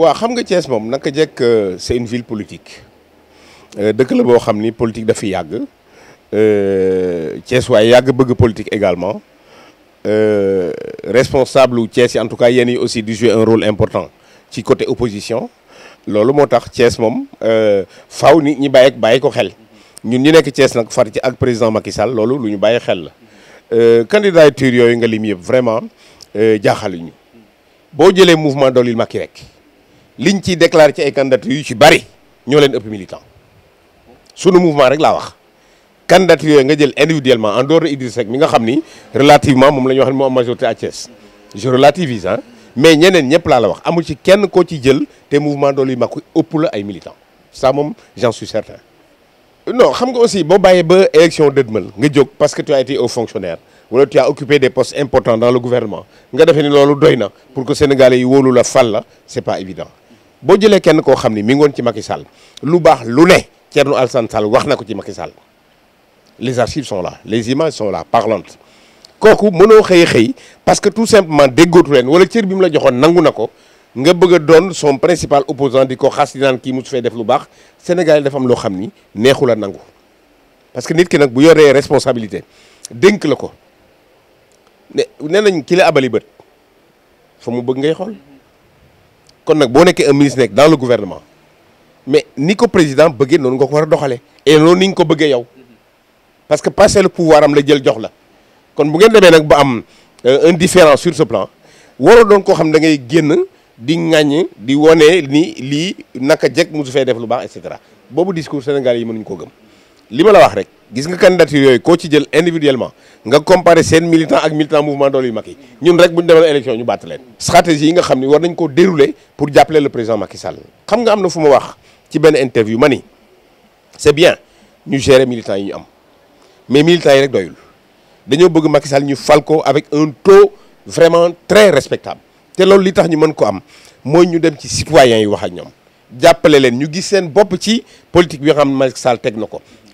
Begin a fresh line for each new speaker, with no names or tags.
waaw xam nga euh, c'est une ville politique euh, dëkk la boo xam politique dafa yàgg euh, Thiès waaye Yag bëgg politique également responsable ou Thiès en tout cas yéen aussi di jouer un rôle important ci côté opposition Lolo moo tax Thiès moom faaw nit ñi bàyyi bàyyi ko xel ñun ñi Thiès n'ak far ci ak président Makissal, Lolo loolu lu ñu bàyyi xel candidature yooyu nga lim yëpp vraiment jaaxaluñu boo jëlee mouvement Dolil Macky rek liñ ci déclaré ci ay candidature yu ci bari ñoo leen ëpp militant suñu mouvement rek la wax candidature yooyu nga jël individuellement en dehors de Idriss Seck mi nga xam ni relativement moom la ñuy wax mo am majorité à Thiès je relativise hein mais ñeneen ñëpp laa la wax amul ci kenn koo ci jël te mouvement Dolli Makku ëpp la ay militant ça moom j'en suis certain non xam nga aussi boo bàyyee ba élection dëdmal nga jóg parce que tu as été au fonctionnaire wala tu as occupé des postes importants dans le gouvernement nga defee ni loolu doy na pour que sénégalais yi wóolu la fal la c'est pas évident bo jëlé kenn ko xamni mi ngone Alsan, ci Macky Sall lu bax lu né Thierno Alsan Sall wax ci Macky Sall les archives sont là les images sont là parlantes koku mënoo xey xey parce que tout simplement déggootu leen wala cër bi la joxoon nangu na nga bëgg don son principal opposant di ko xas di mu def lu bax Sénégal am lo xamni ni nangu parce que nit ki nak bu yoré responsabilité denk la né ne nañ ki la abali beut fa mu bëgg ngay xol kon nak bo nekke un ministre nek dans le gouvernement mais ni ko président beugé non nga ko war a et non ni ko beugé yow parce que passer le pouvoir am la jël jox la kon bu ngeen demee nak ba am euh, un différent sur ce plan waro don ko xam da ngay génn di ŋàññ di woné ni li naka jekk mosu fay def lu baax et cetera boobu discours sénégalais yi mënuñ ko gëm li la wax rek gis nga candidature yoy ko ci jël individuellement nga comparer sen militant ak militant mouvement doole yu ñun rek bu ñu demee élection ñu bàtt leen. stratégie yi nga xamni war nañ ko dérouler pour jappeler le président Macky Sall. xam nga am na fu wax ci ben interview ma c'est bien ñu gérer militants yi ñu am mais militants yi rek doyul dañu bëgg Macky Sall ñu falco avec un taux vraiment très respectable té loolu li tax ñu mën ko am moy ñu dem ci citoyens yi wax ak ñom jàppale leen ñu gis sen bop ci politique bi nga xam Macky Sall tek nako